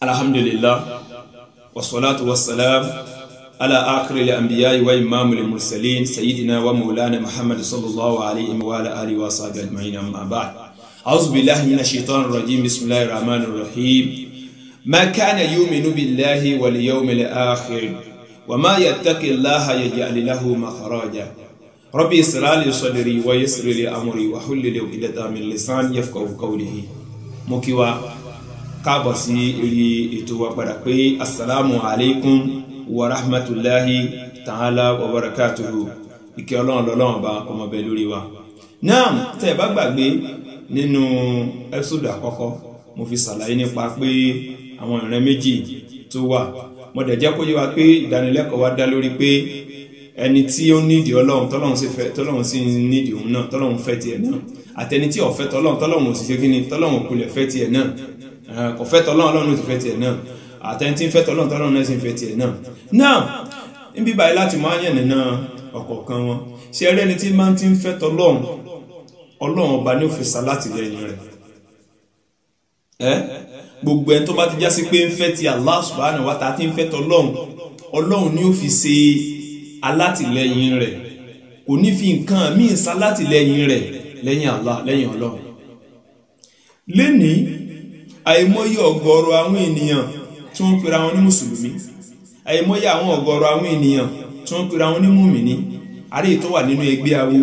alhamdulillah wasalaatu wasalaam ala akiri la anbiya wa imaamu la mursalin sayidina wa mawlana muhammad sallallahu alayhi wa ala alihi wa sahbihi ajma'in amma ba'd a'udhu billahi minash shaitanir rajim bismillahir rahmanir rahim ma kana yu'minu billahi wal yawmil akhir wa ma yattaqi allaha yaj'al lahu makhraja rabbi israh li sadri wa yassir li amri wa hlul 'uqdatan min lisani yafqahu qawli mo káàbọ̀ sí orí ètò wa padà pé asalaamu alaykum wa rahmatulahi ta'ala wa barakatuhu ìkẹ́ ọlọ́run lọ́lọ́run ọba ọmọbẹ lórí wa. náà tẹ́ ẹ bá gbàgbé nínú ẹ́písòdù àkọ́kọ́ mo fi ṣàlàyé nípa pé àwọn ìran méjì tó wà mo dẹ̀ jẹ́ kó yé wa pé ìdánilẹ́kọ̀ọ́ wa dá lórí pé ẹni tí ó nídìí ọlọ́run tọ́lọ́run sì fẹ́ tọ́lọ́run sì nídìí òun náà tọ́lọ́run fẹ́ tiẹ̀ náà àtẹni tí ó tọ́lọ́run tọ́lọ́run ò sì ṣe kí ni tọ́lọ́run kò fẹ́ tiẹ̀ náà kò fẹ́ tọ́lọ́run ọlọ́run ti fẹ́ tiẹ̀ náà àtẹ̀ntì ń fẹ́ tọ́lọ́run tọ́lọ́run náà sì ń fẹ́ tiẹ̀ náà náà níbí báyìí láti máa yàn nínú ọ̀kọ̀ọ̀kan wọn ṣe eré ni tí máa ti ń fẹ́ tọ́lọ́run ọlọ́run ọba ní òfin sálátì lẹ́yìn rẹ̀ ẹ́ gbogbo ẹni tó bá ti jásí pé ń fẹ́ ti Allah subhanahu wa ta'ala ti ń fẹ́ tọ́lọ́run ọlọ́run ní òfin ṣe alátìlẹ́yìn rẹ̀ kò ní fi nǹkan míì sálátìlẹ́yìn rẹ̀ lẹ́yìn ọlọ́run lénìí àìmọye ọ̀gọ̀rọ̀ àwọn ènìyàn tí wọ́n pera wọn ní mùsùlùmí àìmọye àwọn ọ̀gọ̀rọ̀ àwọn ènìyàn tí wọ́n pera wọn ní mùmìnì àlẹ́ ìtọ́ wà nínú ẹgbẹ́ awo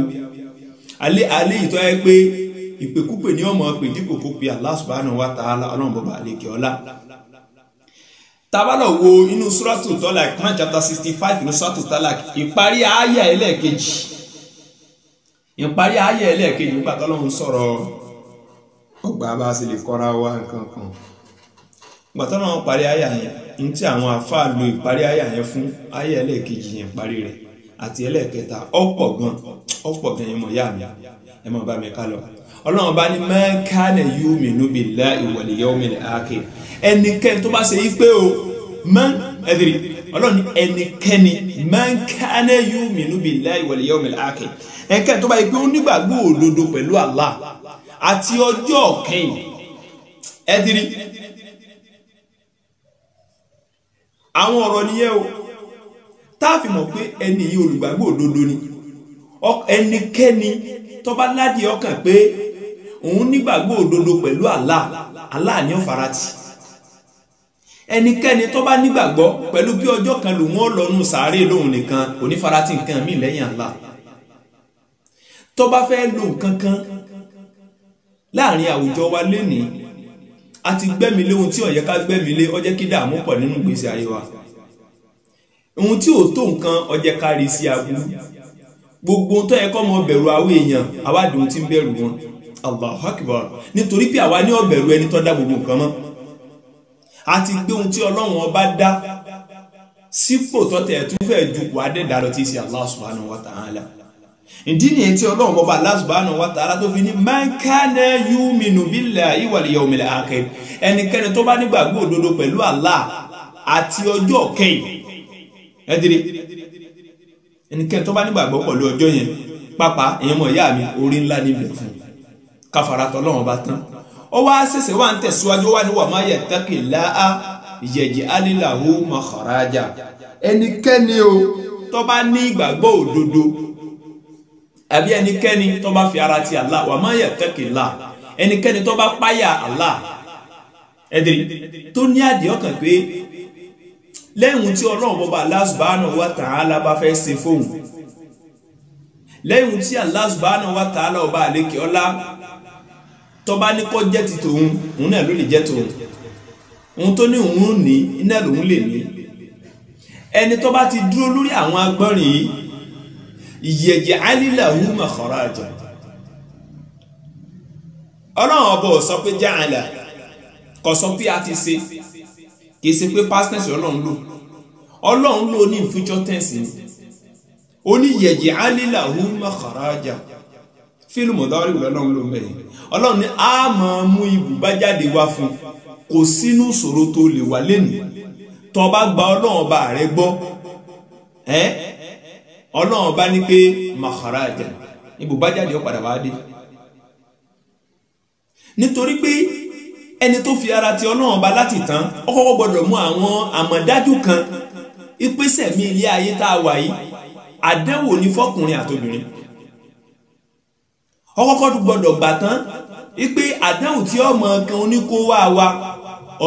àlẹ́ ìtọ́ ẹ pé ìpèkúpè ní ọmọ pè dípò kó pe Allah subhanahu wa ta'ala ọlọ́run bọ̀bà àlekè ọlá tabalọ wo inú suratu tọ́lák Quran chapter sixty five inú suratu tọ́lák ìparí àáyà ẹlẹ́ẹ̀kejì ìparí àáyà ẹlẹ́ẹ̀kejì nígbà tọ́lọ́run sọ̀rọ̀ ọgbà bá sì lè kọ́ra wa nǹkan kan gbàtọ́ parí àyà yẹn ní tí àwọn àfáà lo ìparí àyà yẹn fún àyà ẹlẹ́ẹ̀kejì yẹn parí rẹ̀ àti ẹlẹ́ẹ̀kẹta ọ̀pọ̀ gan ọ̀pọ̀ gan yẹn mọ̀ yá mi ẹ mọ̀ bá mi ká lọ ọlọ́run bá ní mẹ́kánẹ̀ yóò mi níbi ìlà ìwọ̀lẹ̀ yóò mi lè ákè ẹnikẹ́ni tó bá ṣe yí pé o mọ́ ẹ̀dìrì ọlọ́run ẹnikẹ́ni mẹ́kánẹ̀ yóò mi níbi ìlà ìwọ̀lẹ̀ yóò mi lè ákè ẹnikẹ́ni tó bá yí pé ó nígbàgbọ́ òdodo pẹ̀lú Allah àti ọjọ́ kẹyìn ẹdiri àwọn ọ̀rọ̀ nìyẹn o tá a fi mọ̀ pé ẹni yìí olùgbàgbọ́ òdodo ni ẹnikẹ́ni tó bá ládìí ọkàn pé òun nígbàgbọ́ òdodo pẹ̀lú Allah Allah ni ó farati ẹnikẹ́ni tó bá nígbàgbọ́ pẹ̀lú bí ọjọ́ kan lòun ó lọ́nu sàárè lòun nìkan farati nǹkan mi lẹ́yìn Allah tó bá fẹ́ lo nǹkan kan láàrin àwùjọ wa lénìí a ti gbẹ́mi lé ohun tí ó yẹ ká gbẹ́mi lé ó jẹ́ kí dààmú pọ̀ nínú ìgbésí ayé wa ohun tí ò tó nǹkan ó jẹ́ ká rí sí aburú gbogbo ohun tó yẹ kọ́ mọ bẹ̀rù àwọn èèyàn àwádìí ohun tí ń bẹ̀rù wọn Allahu Akbar nítorí pé àwa ní ọ̀bẹ̀rù ẹni tó dá gbogbo nǹkan mọ́ a ti gbé ohun tí ọlọ́run ọba dá sípò tó tẹ̀ tún fẹ́ ju wàá dẹ̀dá lọ tí ì ṣe Allah subhanahu wa ta'ala ìdí ni tí ọlọ́run ọba Allah subhanahu wa ta'ala tó fi ní man kana yu'minu billahi wal yawmil akhir ẹnikẹ́ni tó bá nígbàgbọ́ òdodo pẹ̀lú Allah àti ọjọ́ kẹyìn ẹdìrí ẹnikẹ́ni tó bá nígbàgbọ́ pẹ̀lú ọjọ́ yẹn pápá èèyàn mọ̀ ìyá mi orí ńlá níbẹ̀ fún káfàrà tọ́lọ́run ọba tán ó wá ṣẹ̀ṣẹ̀ wá ń tẹ̀síwájú wá ní wa ma yattaqillaha yaj'al lahu makhraja ẹnikẹ́ni o tó bá ní ìgbàgbọ́ àbí ẹnikẹ́ni tó bá fi ara ti Allah wà má yattaqillah ẹnikẹ́ni tó bá páyà Allah ẹ̀dìrì tó ní àdìẹ́ ọkàn pé lẹ́yìn tí ọlọ́run bọba Allah subhanahu wa ta'ala bá fẹ́ ṣe fóun lẹ́yìn tí Allah subhanahu wa ta'ala ọba àlékè ọlá tó bá ní kó jẹ́ ti tòun òun náà ló lè jẹ́ tòun òun tó ní òun ní iná lòun lè ní ẹni tó ti dúró lórí àwọn agbọ́nrin yìí yaj'al lahu makhraja ọlọ́run ọba ò sọ pé ja'ala kò sọ pé a ti ṣe kì í ṣe pé past tense ọlọ́run lò ọlọ́run lò ní future tense ni ó ní yaj'al lahu makhraja fílùmù lọ́rí lọ́lọ́run ló mẹ́rin ọlọ́run ní a máa mú ibùbá jáde wá fún kò sínú ìṣòro tó lè wà lẹ́nu tó gba ọlọ́run ọba rẹ gbọ́ ẹ́ ọlọ́run bá ní pé makharaja ibùbájáde ó padà wá dé nítorí pé ẹni tó fi ara ti ọlọ́run bá láti tán ó kọ́kọ́ gbọ́dọ̀ mú àwọn àmọ̀dájú kan ìpèsè mi ilé ayé tá a wà yìí àdánwò ní fọkùnrin àtobìnrin ó kọ́kọ́ gbọ́dọ̀ gbà tán wípé àdánwò tí ọmọ kan oníkówá wa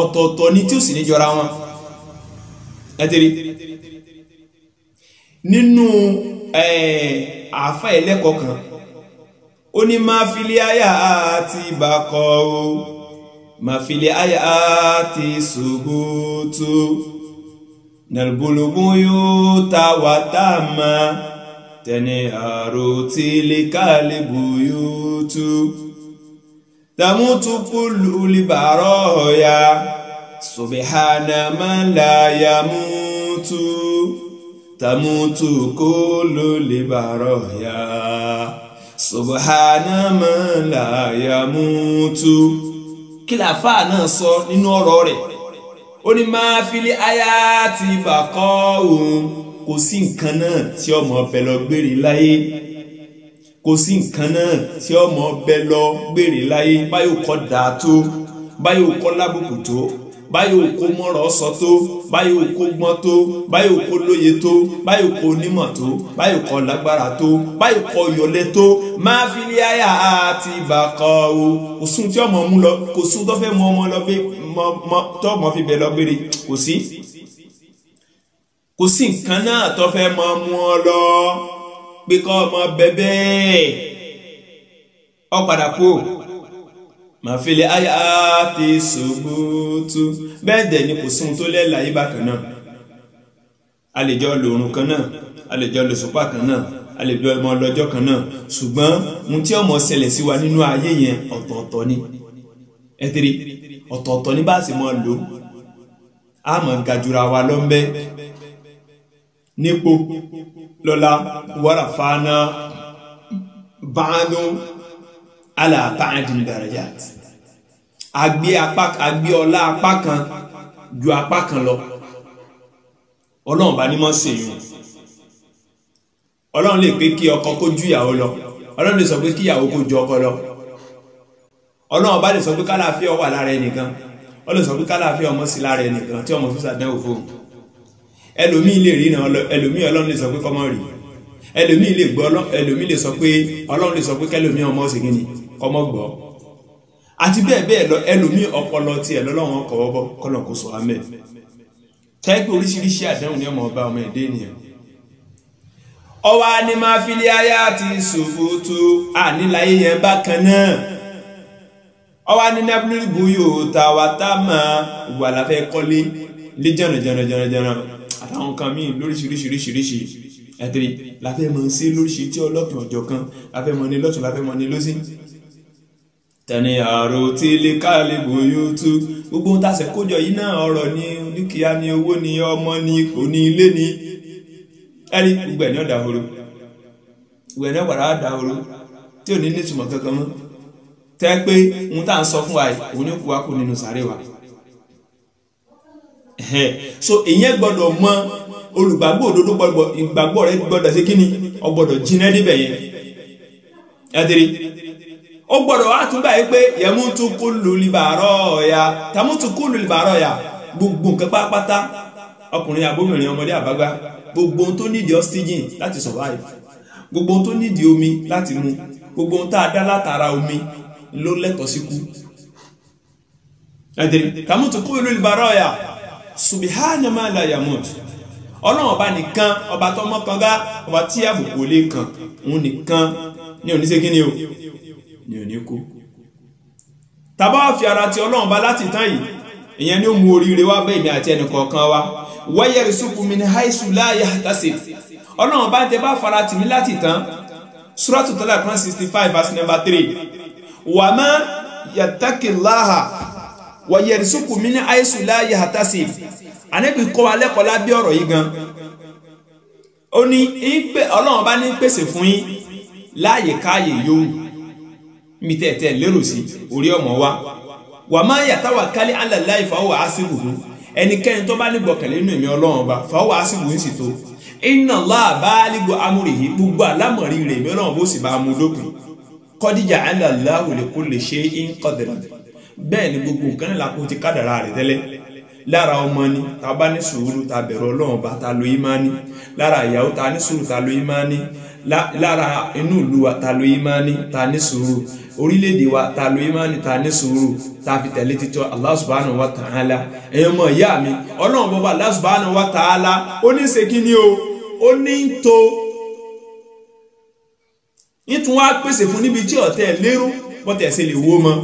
ọ̀tọ̀ọ̀tọ̀ ni tí ó sì ní jọra wọn ẹ tẹ́lẹ̀ nínú àáfà ẹlẹ́kọ̀ọ́ kan ó ní máa fili àyà àti ìbákọ́ o máa fili àyà àti ṣògbótó nàlbùlùbù yóò ta wà tá a ma tẹni àrò tí lè káàlè bù yóò tú tàmútu kúlù libàrọ̀ ọ̀ya subhana man la yamutu. تموت كل لبرايا سبحان من لا يموت kí làáfà náà sọ nínú ọ̀rọ̀ rẹ̀ ó máa fili aya ti bà kọ́ òun kò sí nǹkan náà tí ọmọ ọbẹ lọ gbére láyé kò sí nǹkan náà tí ọmọ ọbẹ lọ gbére láyé báyò kọ́ dáa tó báyò kọ́ lábùkù tó báyìí òkú mọ̀rọ̀ sọ tó báyìí òkú gbọ́n tó báyìí òkú lóye tó báyìí òkú onímọ̀ tó báyìí òkú lágbára tó báyìí òkú ọ̀yọ̀lẹ̀ tó máa fi lé àyà àti ìbàkọ̀ o kò sún tí ọmọ mú lọ kò sún tó fẹ́ mú ọmọ lọ bí tọ́mọ fi bẹ̀ lọ gbére kò sí kò sí nǹkan náà tó fẹ́ mọ mú ọ lọ pé kọ́ ọmọ bẹ́ẹ̀ bẹ́ẹ̀ ọ padà kú màfẹ́lẹ́ àyà ti ṣògbótú bẹ́ẹ̀ dẹ̀ ni kò sí ohun tó lẹ́la yìí bákan náà a lè jọ lo oorun kan náà a lè jọ lo sùpà kan náà a lè jọ ọmọ kan náà ṣùgbọ́n ohun tí ọmọ ṣẹlẹ̀ sí wa nínú ayé yẹn ọ̀tọ̀ọ̀tọ̀ ni ẹ tẹ́lẹ̀ ọ̀tọ̀ọ̀tọ̀ ni bá a sì mọ̀ lò á mọ̀ gajura wa lọ́nbẹ́ nípò lọ́la wàrà fana bàánú ala ba'dil darajat àgbé apá àgbé ọlá apá kan ju apá kan lọ ọlọ́run bá ní mọ́ sí yìí ọlọ́run lè pé kí ọkọ kó ju ìyàwó lọ ọlọ́run lè sọ pé kí ìyàwó kó ju ọkọ lọ ọlọ́run bá lè sọ pé kálàáfíà wà lára ẹnìkan ó lè sọ pé kálàáfíà ọmọ sí lára ẹnìkan tí ọmọ tó sàdánwò fún ẹlòmíì lè rí náà ẹlòmíì ọlọ́run lè sọ pé kọ́mọ rí ẹlòmíì lè gbọ́ ẹlòmíì lè sọ pé ọlọ́run lè sọ pé kẹlòmíì ọmọ sí kí ni kọ́mọ́gbọ́ àti bẹ́ẹ̀ bẹ́ẹ̀ lọ ẹlòmíì ọpọlọ tiẹ̀ lọ́lọ́wọ́n ọkọ̀ wọ́bọ̀ kọ́lọ̀ kó sọ amẹ́ tẹ́gbẹ́ oríṣiríṣi àdéhùn ní ọmọ ọba ọmọ ẹ̀dẹ́ ènìyàn ọwọ́ ni máa fi lé ayé àti ṣòfò tó àníláyé yẹn bákan náà ọwọ́ ni nebulil buyo tàwátà máa wà láfẹ́ kọ́lé lé jẹ̀nà jẹ̀nà jẹ̀nà jẹ̀nà àtàwọn kan míì lóríṣiríṣiríṣiríṣi ẹ̀tẹ̀rẹ̀ láfẹ́ mọ̀ sí lóríṣiríṣi ọlọ́kùnrin ọ̀jọ̀ kan láfẹ́ mọ̀ ní lọ́tún láfẹ́ mọ̀ ní lọ́sìn tẹni àrò tí ilé káàlì bòyótú gbogbo ohun tá a ṣe kójọ yìí náà ọrọ̀ ní dúkìá ní owó ní ọmọ ní ipò ní ilé ní ẹni gbogbo ẹni ọdà horo gbogbo ẹni ọwàrà ọdà horo tí ò ní nítumọ̀ kankan mọ́ tẹ pé ohun tá à ń sọ fún wa yìí òun ní kú wa kú nínú sàárè wa so ìyẹn gbọ́dọ̀ mọ olùgbàgbọ́ òdodo gbọ́dọ̀ ìgbàgbọ́ rẹ gbọ́dọ̀ ṣe kíni ó gbọ́dọ̀ jinlẹ̀ níbẹ̀ yẹn ẹ tẹ̀lé ó gbọ́dọ̀ wá tún báyìí pé yẹmútu kúlù libàárọ̀ ọ̀yà tàmútu kúlù libàárọ̀ ọ̀yà gbogbo nǹkan pátápátá ọkùnrin àbóbìnrin ọmọdé àbágbá gbogbo ohun tó nídìí oxygen láti survive gbogbo ohun tó nídìí omi láti mu gbogbo ohun tá a dá látara omi ló lẹ́tọ̀ọ́ sí kú. ẹ̀dẹ̀rẹ̀ tàmútu kúlù libàárọ̀ ọ̀yà subihana ma la yamut ọlọ́run ọba nìkan ọba tọmọ kan gá ọba tí àbùkù lè kàn òun nìkan ní oníṣègùn ni o ni ò ní kú tàbá fi ara ti ọlọ́run bá láti tán yìí ìyẹn ni ó oríire wá bẹ́ẹ̀ mi àti ẹnì kọ̀ọ̀kan wa wáyé rìsúkú mi ní haisu láàyè àtàsè ọlọ́run bá tẹ bá fara tì mí láti tán suratu tala kan sixty five verse number three wàmá yàtàkìláhà wáyé rìsúkú mi ní haisu láàyè àtàsè ànẹ́bí kọ́ wa lẹ́kọ̀ọ́ lábẹ́ ọ̀rọ̀ yìí gan ó ní ọlọ́run bá ní pèsè fún yín láàyè káàyè yòówù mi tẹ̀tẹ̀ lérò sí orí ọmọ wa wà má yàtàwà kálí alàláì fáwọ̀ àṣìwò hù ẹnikẹ́ni tó bá ní gbọ̀kànlé nínú ẹ̀mí ọlọ́run ọba fáwọ̀ àṣìwò ń sì tó iná láà bá lígbó amúrì yìí gbogbo àlámọ̀rí rẹ̀ ẹ̀mí ọlọ́run bó sì bá mú lókun kọ́díjà alàláwò lè kó lè ṣe é ń kọ́dìrà bẹ́ẹ̀ ni gbogbo nǹkan náà lakún ti kádàrá rẹ̀ tẹ́lẹ̀ lára ọmọ ni ta bá ní sùúrù ta bẹ̀rù ọlọ́run ọba ta lo ìmánì lára ìyàwó ta ní sùúrù ta lo ìmánì lára inú ìlú wa ta lo ìmánì ta ní sùúrù orílẹ̀-èdè wa ta lo imáni ta ní sùúrù ta fi tẹ̀lé títọ́ Allah subhanahu wa ta'ala ẹ̀yọ́ mọ̀ ìyá mi ọlọ́run bọ́ba Allah subhanahu wa ta'ala ó ní ṣe kí ni o ó ní ń to nítorí wá pèsè fún níbi tí ọ̀tẹ̀ lérò bọ́tẹ̀ ṣe lè wó mọ́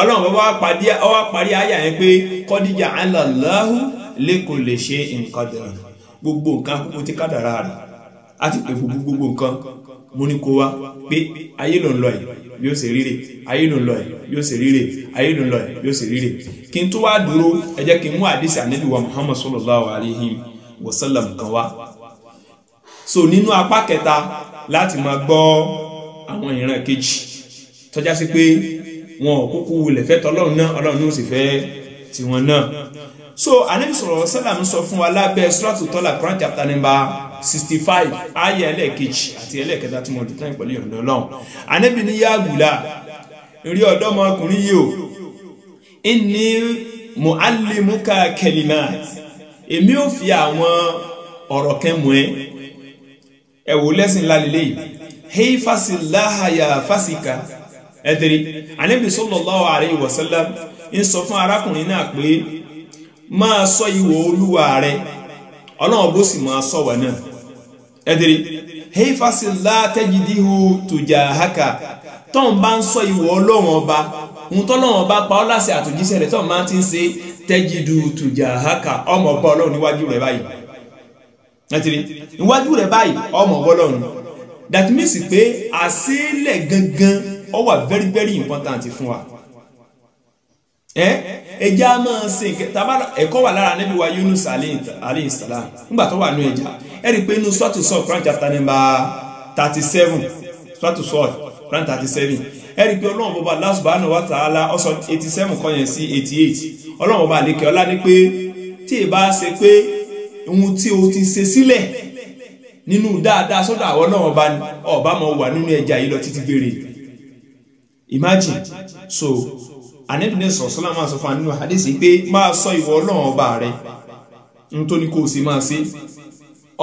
ọlọ́run bọ́ba wá parí àyà yẹn pé kọ́díjà aláàláhù lẹ́kọ̀ọ́ lè ṣe nǹkan dẹ̀rọ̀ gbogbo nǹkan kúkú ti kádàrá rẹ̀ àti pè fún gbogbo nǹkan mo ní kó wá pé ayé ló ń lọ yìí yóò ṣe ríre ayé ló ń lọ yìí yóò ṣe ríre ayé ló ń lọ yìí yóò ṣe ríre kí n tó wá dúró ẹ jẹ́ kí n mú àdìsí ànábì wa muhammad sallallahu alayhi wa sallam kan wá so nínú apá kẹta láti máa gbọ́ àwọn ìran kejì tọ́já sí pé wọn ò kúkú wulẹ̀ fẹ́ tọ́lọ́run náà ọlọ́run náà sì fẹ́ tiwọn náà so anabi sọ̀rọ̀ sálàmù sọ fún wa lábẹ́ suratu tọ́lá Quran chapter number sixty five ayé ẹlẹ́ẹ̀kejì àti ẹlẹ́ẹ̀kẹta tí mo lè tán ìpẹ̀lú ìrọ̀lẹ́ ọlọ́run anabi ní yá gùlà rí ọ̀dọ́mọkùnrin yìí o inni muallimuka kelimat èmi ò fi àwọn ọ̀rọ̀ kan mú ẹ ẹ wò lẹ́sìn lálẹ́ yìí hey fasilaha ya fasika ẹ̀tẹ̀rí anábì sallallahu alayhi wa sallam ń sọ fún arákùnrin náà pé máa sọ ìwọ olúwa rẹ ọlọ́run bó sì máa sọ wà náà ẹ̀tẹ̀rí heifasila tẹ́jìdíhu tùjà haka tọ́n bá ń sọ ìwọ ọlọ́run ọba ohun tọ́lọ́run ọba pa ọ́ láṣẹ àtòjíṣẹ́ rẹ̀ tọ́n máa ti ń ṣe tẹ́jìdù tùjà haka ọmọ ọba ọlọ́run níwájú rẹ̀ báyìí ẹ̀tẹ̀rí níwájú rẹ̀ báyìí ọmọ ọba ọlọ́run that means pé àṣẹ́lẹ̀ gangan ó wà very very important fún wa ẹja máa ṣe tàbá ẹ̀kọ́ wà lára níbi wa Yunus alayhi salam nígbà tó wà ní ẹja ẹ rí i pé inú swatu sọ Quran chapter number thirty seven swatu sọ Quran thirty seven ẹ rí i pé ọlọ́run bọba Allah subhanahu wa ta'ala ọsọ eighty seven kọ́ yẹn sí eighty eight ọlọ́run bọba àlekè ọlá ní pé tí ì bá ṣe pé ohun tí o ti ṣe sílẹ̀ nínú dáadáa sọ́dọ̀ àwọn náà ọba ọba máa wà nínú ẹja yìí lọ títí gbére yìí imagine so anabini sọ̀sọ́lá máa sọ fún anínú àdéṣe pé máa sọ ìwọ ọlọ́run ọba rẹ ń tó ní kó o sì máa ṣe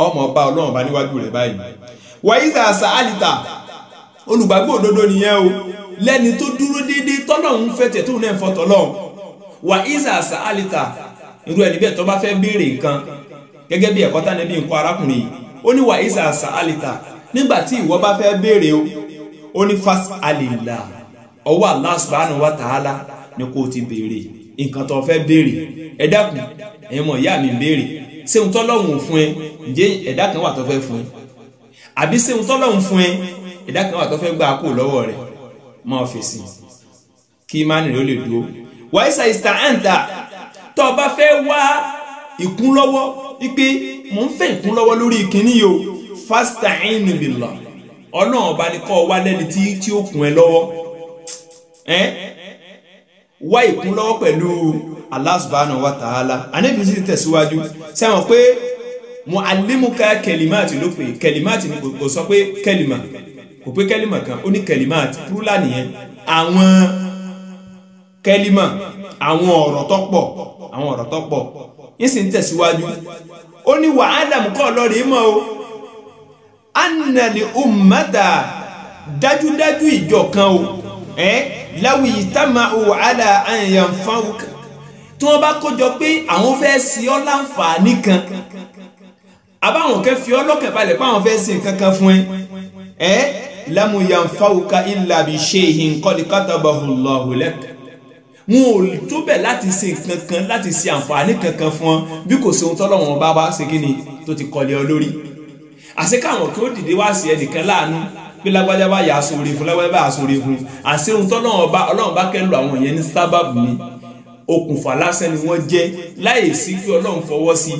ọmọ ọba ọlọ́run ọba níwájú rẹ báyìí wàyí sà sà àlìta olùgbàgbọ́ òdodo nìyẹn o lẹ́ni tó dúró déédéé tọ́lọ́run fẹ́ tẹ̀ tóun náà ń fọtọ̀ lọ́hùn wàyí sà sà àlìta irú ẹni bẹ́ẹ̀ tó bá fẹ́ béèrè nǹkan gẹ́gẹ́ bí ẹ̀kọ́ tánẹ́bí nǹkan arákùnrin yìí ó ní wàyí sà sà àlìta nígbà tí ìwọ bá fẹ́ béèrè o ó ní fásitì àlìlá ọwọ́ Allah wa tààlà ni kò ti béèrè nǹkan tó fẹ́ béèrè ẹ ìyá mi béèrè ṣé tọ́lọ́hún fún ẹ ǹjẹ́ ẹ̀dá kan wà tó fẹ́ fún ẹ àbí ṣé tọ́lọ́hún fún ẹ ẹ̀dá kan wà tó gbà lọ́wọ́ rẹ máa kí rẹ ó lè dúró àǹtà tó fẹ́ wá ìkúnlọ́wọ́ wípé mò ń fẹ́ ìkúnlọ́wọ́ wá ìkúnlọ́wọ́ pẹ̀lú Allah subhanahu wa ta'ala ànábì sì tẹ̀síwájú sẹ́wọ̀n pé mo alimuka kẹlímàtì ló pè kẹlímàtì ni kò sọ pé kẹlímà kò pé kẹlímà kan ó ní kẹlímàtì púrúlà nìyẹn àwọn kẹlímà àwọn ọ̀rọ̀ tó pọ̀ àwọn ọ̀rọ̀ tó pọ̀ yín sì ń tẹ̀síwájú ó ní wà ádámù kọ́ lọ́rẹ̀ mọ́ o annali ummata dájúdájú ìjọ kan o ẹ́ eh? láwù yìí tá máa ò wàhálà àyàn fáwọn kan tí wọ́n bá kójọ pé àwọn fẹ́ sí ọ láǹfààní kan àbáwọn kẹ́ fi ọ lọ́kàn balẹ̀ pé àwọn fẹ́ sí nǹkan kan fún ẹ ẹ lámù yàn fáwọn kan ìlà bí ṣe ìhìn kọ́ni kátàbọ̀hùn lọ́hùn lẹ́kọ̀ọ́ wọn ò tó bẹ̀ láti ṣe nǹkan kan láti ṣe àǹfààní kankan fún ọ bí kò sí ohun tọ́lọ́wọ́n bá wá ṣe kí ni tó ti kọ́lé ọ lórí àṣẹ kí ó dìde wá sí ẹnìkan láàánú pé lágbájá bá yà sóore fún lágbájá bá yà sóore fún àṣẹ ohun tó náà ọba ọlọ́run bá kẹ́lu àwọn yẹn ní sábàbù ni okùnfà lásán ni wọ́n jẹ́ láì sí pé ọlọ́run fọwọ́ sí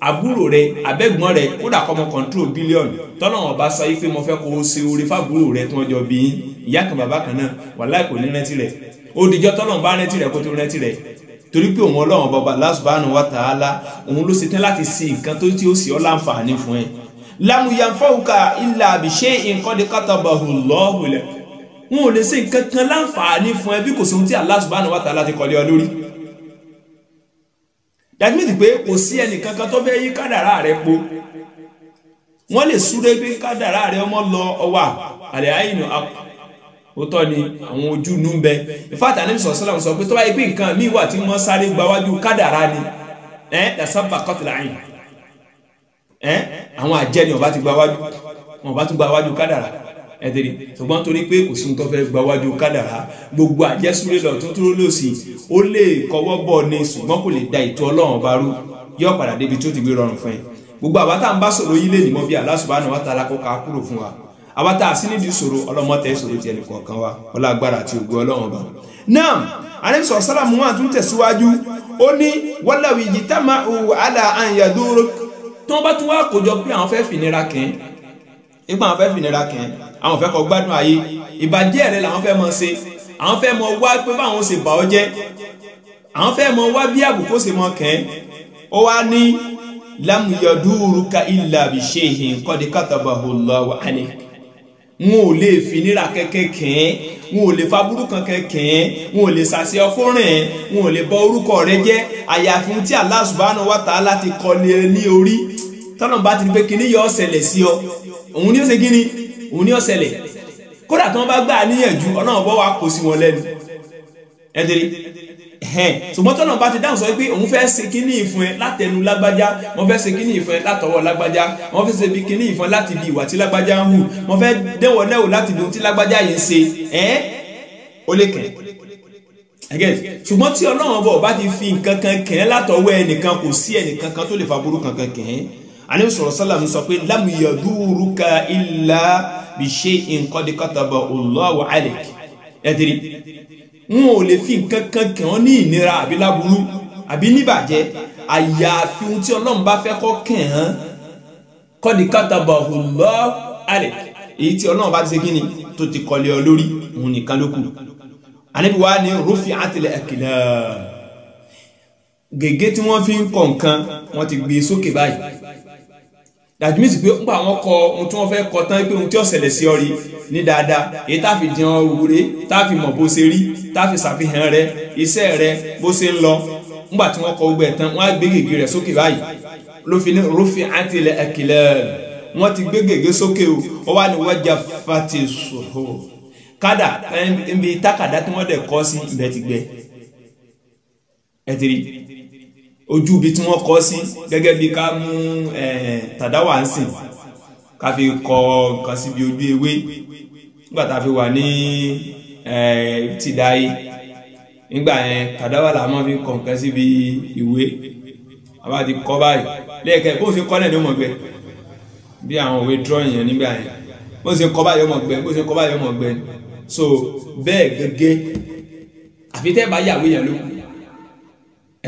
àbúrò rẹ abẹ́gbọ́n rẹ kódà kọ́mọ control bílíọ̀nù tọ́lọ́run ọba sọ yìí pé mo fẹ́ kó o ṣe oore fábúrò rẹ tó ń jọ bí ìyá kan bàbá kan náà wàláì kò ní rántí rẹ òdìjọ́ tọ́lọ́run bá rántí rẹ kó tó rántí rẹ torí pé òun ọlọ́run baba Allah subhanahu wa ta'ala òun ló ṣetán láti ṣe nǹkan tó tí ó sì ọ́ láǹfààní fún ẹ lamu yanfawuka illa bi shay'in qad katabahu Allahu lak wọn ò lè ṣe nǹkan kan láǹfààní fún ẹ bí kò sí ohun tí Allah subhanahu wa ta'ala ti kọ́lé ọ lórí dàgbìtì pé kò sí ẹnìkan kan tó fẹ́ yí kádàrá rẹ po wọ́n lè súré pé kádàrá rẹ ọmọ lọ ọwà àlẹ́ àyìnà òótọ́ ni àwọn ojú nu ń bẹ ìfàtà ní sọ̀rọ̀ sọ́lá sọ pé tó bá yẹ pé nǹkan míì wà tí wọ́n sáré gbáwájú kádàrá ni ẹ̀ dàsábà kọ́tìlá yìí àwọn àjẹ́ ni ọba ti gba wájú wọn ọba tún gba wájú kádàrá ẹ̀dẹ̀rẹ̀ ṣùgbọ́n torí pé kò sí nǹkan fẹ́ gba wájú kádàrá gbogbo àjẹsúlẹ̀ lọ tó dúró lòsì ó lè kọ́wọ́ bọ̀ ni ṣùgbọ́n kò lè da ètò ọlọ́run ọba rú yóò padà débi tó ti gbé rọrùn fún ẹ gbogbo àwa tá à ń bá sọ̀rọ̀ yín lè nìmọ̀ bí Allah subhanahu wa ta'ala kó ká kúrò fún wa àwa tá a sì nídìí sọ̀rọ̀ ọlọ́mọtẹ́ sọ̀rọ̀ wa ọlágbára àti ògo ọlọ́run ọba náà àrẹ́sì ọ̀sálàmù wọn àtúntẹ̀síwájú ó ní walaw ijtama'u ala an yaduruk tí wọ́n bá tún wá kójọ pé àwọn fẹ́ fìnira kẹ́ẹ́ nípa àwọn fẹ́ fìnira kẹ́ẹ́ àwọn fẹ́ kọ́ gbádùn ayé ìbàjẹ́ rẹ làwọn fẹ́ mọ ṣe àwọn fẹ́ mọ wá pé báwọn ṣe bà ọ́ jẹ́ àwọn fẹ́ mọ wá bí àbùkù ṣe mọ kẹ́ẹ́ ó wá ní lámùyọdúrúka ilà àbíṣe ìhìn kọ́dí kàtàbà hùlọ́wọ́ àní wọn ò lè fìnira kẹ́kẹ́ kẹ́ẹ́ wọn ò lè fa burú kankan kàn ẹ́ wọn ò lè sàṣẹ ọkùnrin ẹ̀ wọn ò lè bọ orúkọ rẹ jẹ́ àyàfi tí Allah subhanahu wa ta'ala ti kọ́ lé ní orí tọ́nà bá ti ní pé kíní yọ ọ̀sẹ̀lẹ̀ sí ọ òun ni ó ṣe kíni òun ni ó kódà tí wọ́n bá gbà níyànjú ọlọ́run bọ́ wa kò sí wọn lẹ́nu ẹ̀dẹ̀rẹ̀ ṣùgbọ́n tọ́nà bá ti dáhùn sọ pé òun fẹ́ ṣe kínní ìfún ẹ látẹnu lágbájá mo fẹ́ ṣe kínní ìfún ẹ látọwọ́ lágbájá mo fẹ́ ṣe kínní ìfún ẹ láti ibi ìwà tí lágbájá ń hù mo fẹ́ dẹ́wọ̀ lẹ́wọ̀ láti ibi ohun tí lágbájá yẹn ń ṣe ẹ́ ó lè kẹ́ ẹgẹ ṣùgbọ́n tí ọlọ́run bọ̀ bá ti fi nǹkan kan kẹ́ látọwọ́ ẹnìkan kò sí ẹnìkan kan tó lè fa burú kankan kẹ́ àní sọ̀rọ̀ sálàmù sọ pé lámùyàdúrúkà ìlà bìṣe nǹkan dikọ́tàbọ̀ ọlọ́wọ́ àlẹ́ ẹ̀dìrí wọn ò lè fi nǹkan kan kàn án ní ìnira àbí láburú àbí níbàjẹ́ àyàfi ohun tí ọlọ́run bá fẹ́ kọ́ kàn án kọ́ni kátàbà òlọ́ àlẹ́ èyí tí ọlọ́run bá ti ṣe kíni tó ti kọ́lé ọ lórí òun nìkan ló kù àníbi wa ni rúfin àtìlẹ̀ ẹ̀kìlẹ̀ gègé tí wọ́n fi ń kọ̀ nǹkan wọ́n ti gbé e sókè báyìí dàjú mí sì pé ńgbà wọn kọ ohun tí wọn fẹ́ kọ tán pé ohun tí ó ṣẹlẹ̀ sí ọ rí ní dáadáa èyí tá a fi dìran òwúre tá a fi mọ̀ bó ṣe rí tá a fi ṣàfihàn rẹ iṣẹ́ rẹ bó ṣe ń lọ ńgbà tí wọn kọ gbogbo ẹ̀ tán wọn á gbé gègé rẹ sókè báyìí ló fi ní rúfin àtìlẹ ẹkìlẹ wọn ti gbé gègé sókè o ó wà ní wọjà fati sòhò kádà ẹnbi tákàdá tí wọn dẹ kọ sí ibẹ ẹ ti rí i ojú ibi tí wọ́n kọ́ sí gẹ́gẹ́ bí ká mú tàdáwà ń sìn ká fi kọ nǹkan síbi ojú ewé nígbà tá a fi wà ní tìdáyé nígbà yẹn tàdáwà là máa fi kọ nǹkan síbi ìwé àbá ti kọ́ báyìí lẹ́ẹ̀kẹ́ bó ṣe kọ́ náà ni ó mọ̀ gbẹ bí àwọn òwe drawing yẹn nígbà yẹn bó ṣe kọ́ báyìí ó mọ̀ gbẹ bó ṣe kọ́ báyìí ó mọ̀ gbẹ so bẹ́ẹ̀ gẹ́gẹ́ àfi tẹ́ bá yàwé yẹn ló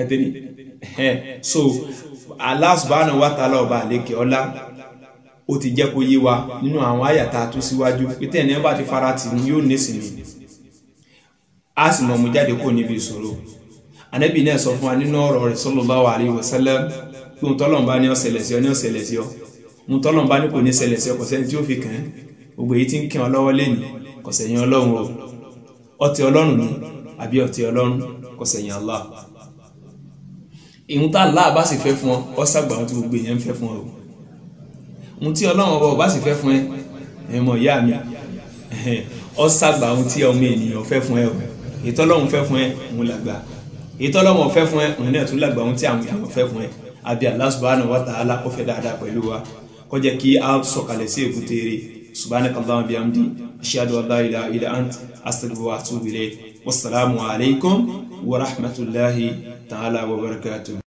ẹ̀tẹ́ni Eh, so Allah subhanahu wa ta'ala ọba àlékè ọlá ó ti jẹ́ kó yé wa nínú àwọn àyàtà tó síwájú pété ẹni bá ti fara tì ní yóò nísìnyí a sì mọ̀ mú jáde kó níbi ìṣòro ànábì náà sọ fún wa nínú ọ̀rọ̀ rẹ̀ sallallahu alaihi wasallam pé òun tọ́lọ̀ ń bá ní ọ̀sẹ̀lẹ̀ sí ọ ní ọ̀sẹ̀lẹ̀ sí ọ òun tọ́lọ̀ ń bá ní kò ní ṣẹlẹ̀ sí ọ kò tí ó fi kàn án gbogbo èyí tí ń kàn ọ lọ́wọ́ lẹ́nu kò sẹ́yìn ọlọ́run o ọtí ọlọ́run ni àbí ọtí ọlọ́run kò sẹ́yìn Allah ìhun tá Allah bá sì fẹ́ fún ọ ọ sàgbà ohun tí gbogbo èèyàn ń fẹ́ fún ọ ohun tí ọlọ́run ọba ọba sì fẹ́ fún ẹ ẹ̀mọ̀ ìyá mi ọ sàgbà ohun tí ọmọ ènìyàn fẹ́ fún ẹ o ètò ọlọ́run fẹ́ fún ẹ òun làgbà ètò ọlọ́run fẹ́ fún ẹ òun náà tún làgbà ohun tí àwọn èèyàn fẹ́ fún ẹ àbí Allah subhanahu wa ta'ala kó fẹ́ dáadáa pẹ̀lú wa kó kí a sọ̀kalẹ̀ sí èkúté rè subhanakallahumma wa atubu تعالى وبركاته